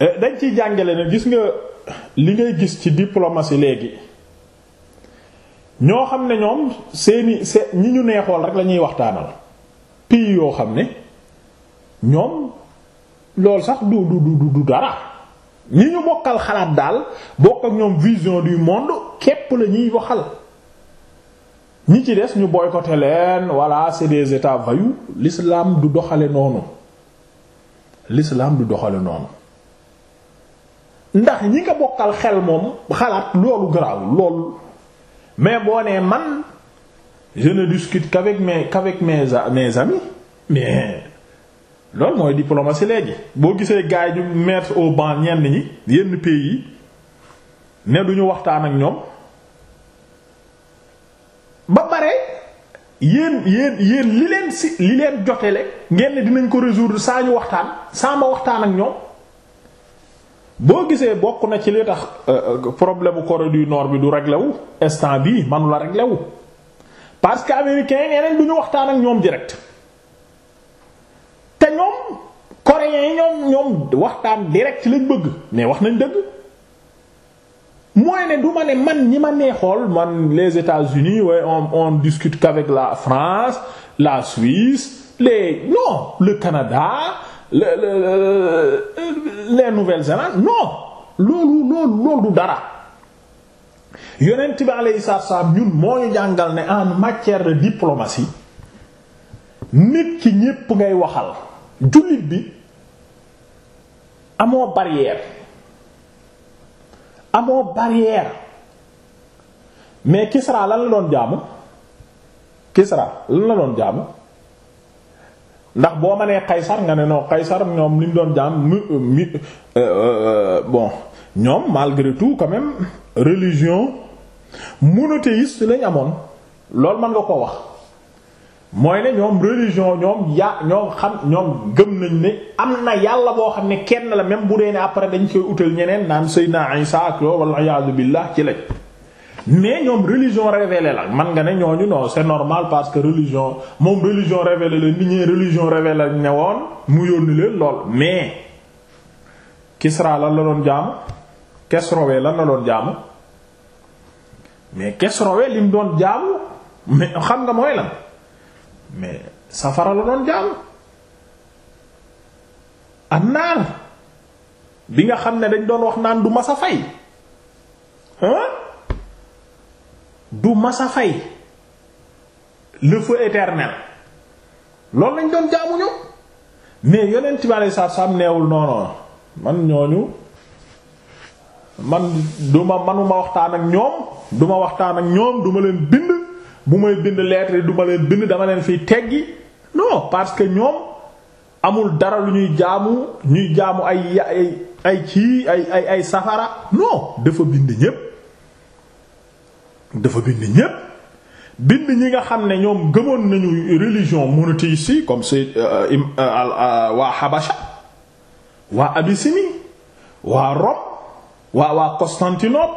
Eh, dañ ci jàngale ne gis nga li ngay gis ci diplomatie léegi ñoo xam ne ñoom seeni se ñi ñu neexool rek la ñuy waxtaanal pays yoo xam ne ñoom loolu sax du du du du dara ñi ñu bokkal xalaat daal bokk ak ñoom vision du monde képp la ñuy waxal ñi ci des ñu boycotté leen voilà c'est des états voyous l'islam du doxale noonu l'islam du doxale noonu ndax ñi nga bokkal xel moom xalaat loolu garaawul lool mais boo nee man je ne discute mais mes mais mes mes mais loolu mooy diplomatie léegi boo gisee gars yi ñu mettre au ban ñenn ñi yenn pays yi ne ñu waxtaan ak ñoom ba pare yéen yéen yéen li leen si li leen jotele ngeen dinañ ko résoudre saa ñu waxtaan saa ma waxtaan ak ñoom. boo gisee bokk na ci li tax euh, euh, problème u Corée du Nord bi du réglé wu bi bii manu la réglé wu parce que américains yeneen du ñu waxtaan ak ñoom direct te ñoom coréens yi ñoom ñoom waxtaan direct ci lañ bëgg mais wax nañ dëgg mooy ne du ma ne man ñi ma neexool man les États-Unis way on on discute qu'avec la France la Suisse le non le Canada les Nouvelle-Zélande non loolu loolu loolu dara yonent bi alayhi salaam ñun moo jàngal ne en matière de diplomatie nit ki ñépp ngay waxal jullit bi amoo barrière amoo barrière mais Kisra lan la doon jaamu Kisra lan la doon jaamu. ndax boo ma nee Qaysar nga ne non Qaysar ñoom li ñu doon jaam mi mi euh, euh, bon ñoom malgré tout comme même religion monothéiste lañ amoon loolu mën nga ko wax mooy ne ñoom religion ñoom yaa ñoom xam ñoom gëm nañ ni am na yàlla boo xam ne kenn la même bu dee ne après dañ koy utal ñeneen naan Seydina Isa ak wal iyaadu billah ci lañ. mais ñoom religion révélée la man nga ne ñooñu non c'est normal parce que religion moom religion révélée la nit ñi religion révélée ne woon mu yónni leen lool mais Kisra la doon jaamu Kesrowe lan la doon jaamu mais Kesrowe li mu doon jaamu mais xam nga mooy la mais safara la doon jaamu ak naar bi nga xam ne dañ doon wax naan du ma sa fay du masa fay le feu éternel loolu lañ doon jaamu ñoom mais yeneen bi saa salaatu salaam neewul non man ñooñu man duma manuma waxtaan ak ñoom duma waxtaan ak ñoom duma leen bind bu may bind lettre duma leen bind dama leen fiy teggi non parce que ñoom amul dara lu ñuy jaamu ñuy jaamu ay ay ay ci ay ay safara non dafa bind ñépp dafa bind ñépp bind ñi nga xam ne ñoom gëmoon nañu religion monothéiste yi comme c'est euh, euh, euh, waa Habasha waa Abyssinie waa Rome waa waa Constantinople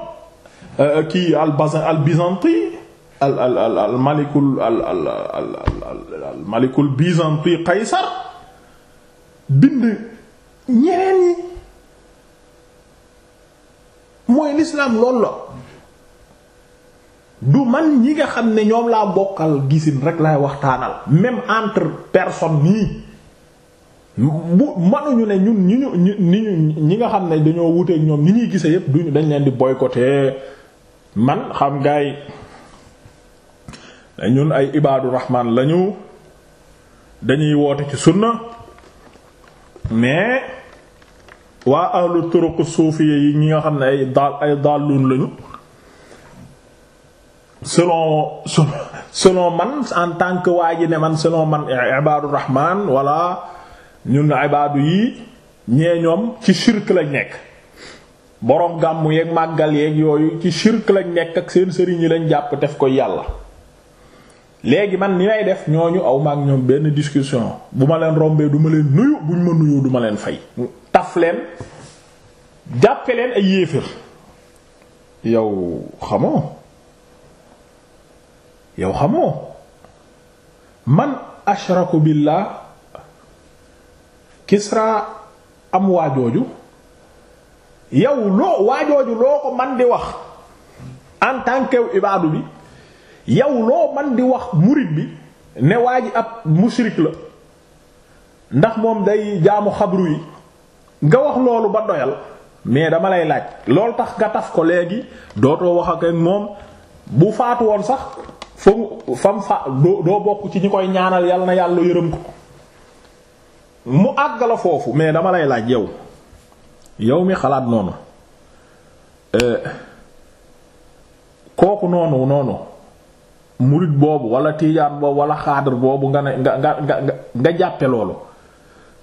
kii al bazin al byzantin al al al malikul al al al malikul byzantin Qaysar bind ñeneen mooy l'islam loolu la. du man ñi nga xam ne ñoom laa bokkal gisin rek laay waxtaanal même entre personnes nii bu manuñu ne ñun ñi ñu ñi ñi nga xam ne dañoo wuteeg ñoom ni ñuy gisee yépp duñu dañ leen di boycotter man xam ngaay ñun ay ibaadu rahmaan lañu dañuy woote ci sunna mais waa ahlu turuq suufiya yi ñi nga xam ne ay daal ay daalluun lañu selon selon man en tant que waa ji ne man selon man ibaadu rahmaan walla ñun ibaadu yi ñee ñoom ci shirk lañ nekk boroom gàmmu yeeg màggal yeeg yooyu ci shirk lañ nekk ak seen sëriñ yi lañ jàpp def ko yàlla léegi man ni may def ñooñu aw maag ñoom benn discussion bu ma leen rombee du ma leen nuyu ñu ma nuyu du leen fay taf leen jàppe leen ay yéefér yow xamoo yow xamoo man ashraku billah kisra am waajooju yow loo waajooju loo ko man di wax en tant que ibaadu bi yow loo man di wax murid bi ne waa ji ab mushrik la ndax moom day jaamu xabru yi nga wax loolu ba doyal mais dama lay laaj loolu tax nga taf ko léegi dootoo wax ak moom bu faatu woon sax fa mu fam fa doo doo bokk ci ñi koy ñaanal yàlla na yàlla yërëm ko mu àgg la foofu mais dama lay laaj yow yow mi xalaat noonu euh, kooku noonu noonu murit boobu wala tiijaan boobu wala xaadar boobu nga ne nga nga nga nga jàppe loolu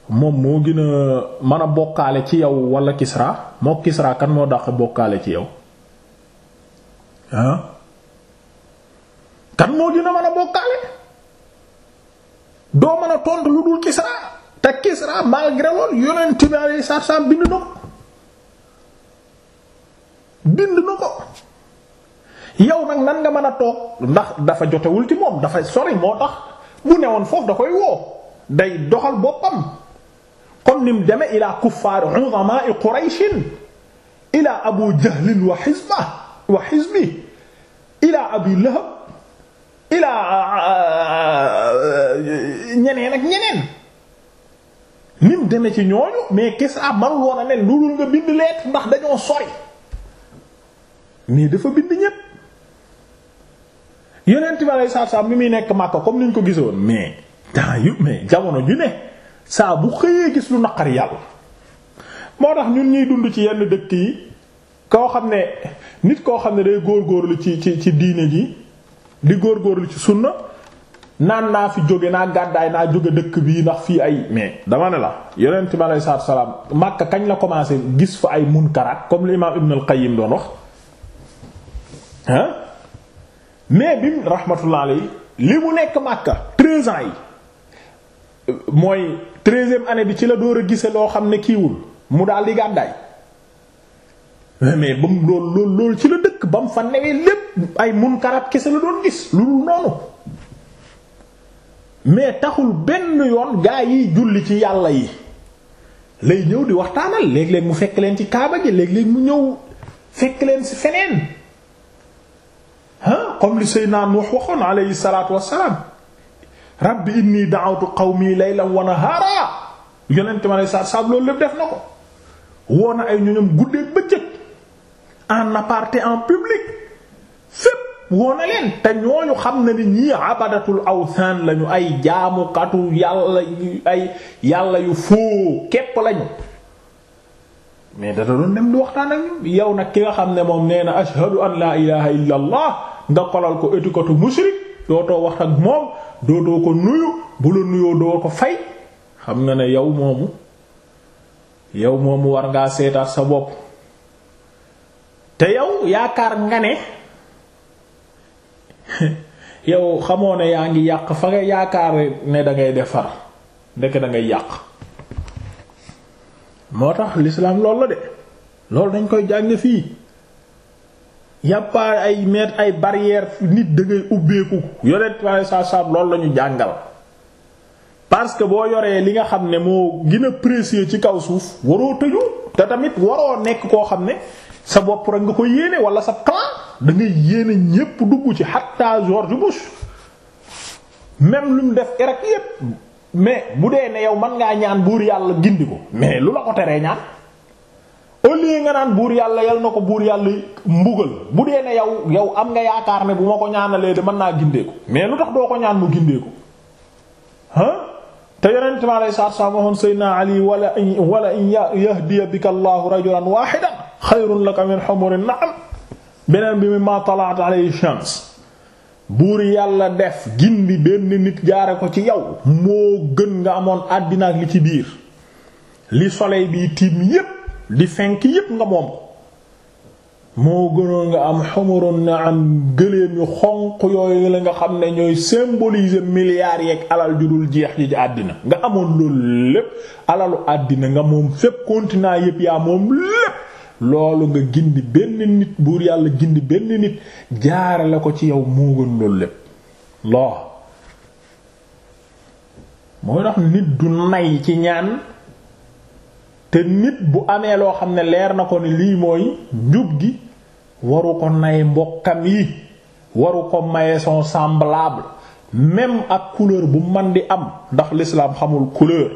moom moo gën a mën a bokkaale ci yow wala Kisra moo Kisra kan moo dàq bokkaale ci yow kan moo dina man a bokkaale doo mën a tontu lu dul Kisra te Kisra malgré loolu yonent bi alayhi salaam bind na bind na yow nag nan nga mën a toog ndax dafa jotewul ci moom dafa sori moo tax bu newoon foofu da koy woo day doxal boppam kon ni deme ila ilaa kuffaar uzamaa'i Qurayshin Abu Jahlin wa hizbihi wa hizbihi Lahab ilaa ñeneen ak ñeneen nim deme ci ñooñu mais ki man woon a ne loolu nga bind lettre ndax dañoo sori mais dafa bind ñépp yonent bi alayhi salaatu salaam bi muy nekk Makka comme niñ ko gisoon mais temps yu mais jamono ju ne saa bu xëyee gis lu naqari yàlla moo tax ñun ñuy dund ci yenn dëkk yi koo xam ne nit koo xam ne day góorgóorlu ci ci ci diine ji di góorgóorlu ci sunna naan naa fi jóge naa gàddaay naa jóge dëkk bii ndax fii ay mais dama ne la yonent bi aleyhi salaatu salaam Makka kañ la commencé gis fa ay munkaraat comme l'imam Ibn al-Qayyim doon wax ah mais bi rahmatullah alayhi li mu nekk Makka treize ans yi mooy treizième année bi ci la door a gise loo xam ne kiiwul mu daal di gàddaay Eh, mais ba mu loolu loolu loolu ci la dëkk ba mu fa newee lépp ay munkarat kese la doon gis lu dul noonu mais taxul benn yoon gaa yi julli ci yàlla yi lay ñëw di waxtaanal léeg-léeg mu fekk leen ci kaaba gi léeg-léeg mu ñëw fekk leen ci feneen ah comme li Seydina Nuux waxoon alayhi salaatu wassalaam rabbi inni da'awtu la laylan wa nahaara yonente ma lay sa saab loolu lépp def na ko woona ay ñoñom guddeeg bëccëg en aparté en public fépp woo na leen te ñooñu xam na ni ñii abadatul awsan lañu ay jaamukatu yàlla ay yàlla yu foo képp lañu mais da doon dem di waxtaan ak ñoom yow nag ki nga xam ne moom nee na ashhadu an la ilaha illa allah nga kolal ko étikatu mushrik dootoo wax ak moom dootoo ko nuyu bu la nuyoo doo ko fay xam na ne yow moomu yow moomu war ngaa seetaat sa bopp te yow yaakaar nga ne yow xamoo ne yaa ngi yàq fa yaakaar ne dangay ngay defar ndekk da ngay yàq moo tax l'islam lool la de loolu dañ koy jàng fii yàppaar ay mettre ay barrière nit da ngay ubbeeku yonent wala sa sa loolu la ñu jàngal parce que boo yoree li nga xam ne moo gën a ci kaw suuf waroo tëju te tamit waroo nekk koo xam ne sa bopp rek nga ko yéene wala sa clan da ngay yéene ñépp dugg ci hatta George Bush même lu mu def Irak yépp mais bu dee ne yow man ngaa ñaan buur yàlla gindi ko mais lu la ko teree ñaan au nga naan buur yàlla yal na ko buur yàlla mbugal bu dee ne yow yow am nga yaakaar ne bu ma ko ñaanalee de mën naa gindee ko mais lu tax doo ko ñaan mu gindee ko ah te yonent mi alayhi salaatu salaam waxoon Seydina Ali wala in wala in yahdiya bika Allahu rajulan waahidan xayrun laka min humuri na'am beneen bi mimmaa tala'at alayhi shams buur yàlla def gindi benn nit jaare ko ci yow moo gën nga amoon àddina ak li ci biir li soleil bi tiim yépp di fenk yépp nga moom ko moo gënoon nga am xumurun na am gëléem yu xonq yooyu la nga xam ne ñooy symboliser milliards yeeg alal ju dul jeex ji ci àddina nga amoon loolu lépp alalu àddina nga moom fépp continent yépp yaa moom lépp loolu nga gindi benn nit buur yàlla gindi benn nit jaare la ko ci yow moo gën loolu lépp loo mooy tax nit du nay ci ñaan te nit bu amee loo xam ne leer na ko ni lii mooy njub gi waru ko nay mbokkam yi waru ko maye son semblable même ak couleur bu man di am ndax lislaam xamul couleur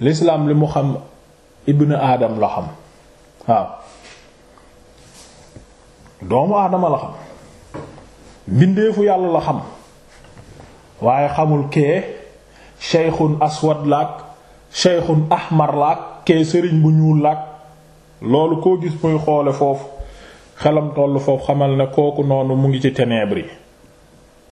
l'islam li mu xam ibnu aadam la xam waaw doomu adama la xam mbindeefu yàlla la xam waaye xamul kee sheykhun aswad laak sheykhun ahmar laak kee sëriñ bu ñuul laak loolu koo gis muy xoole foofu xelam tollu foofu xamal ne kooku noonu mu ngi ci ténèbres yi